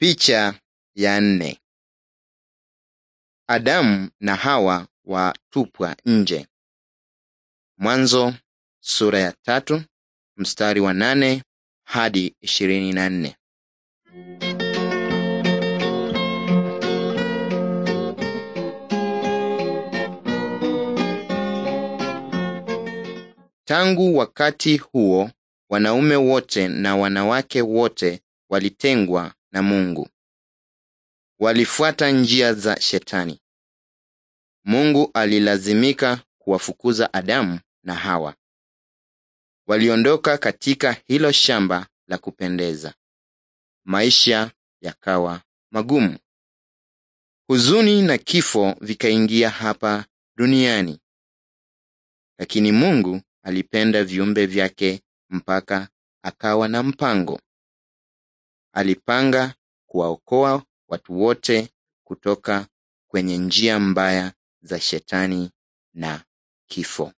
Picha ya nne. Adamu na Hawa watupwa nje. Mwanzo sura ya tatu mstari wa nane hadi ishirini na nne. Tangu wakati huo wanaume wote na wanawake wote walitengwa na Mungu. Walifuata njia za Shetani. Mungu alilazimika kuwafukuza Adamu na Hawa. Waliondoka katika hilo shamba la kupendeza. Maisha yakawa magumu. Huzuni na kifo vikaingia hapa duniani. Lakini Mungu alipenda viumbe vyake mpaka akawa na mpango. Alipanga kuwaokoa watu wote kutoka kwenye njia mbaya za Shetani na kifo.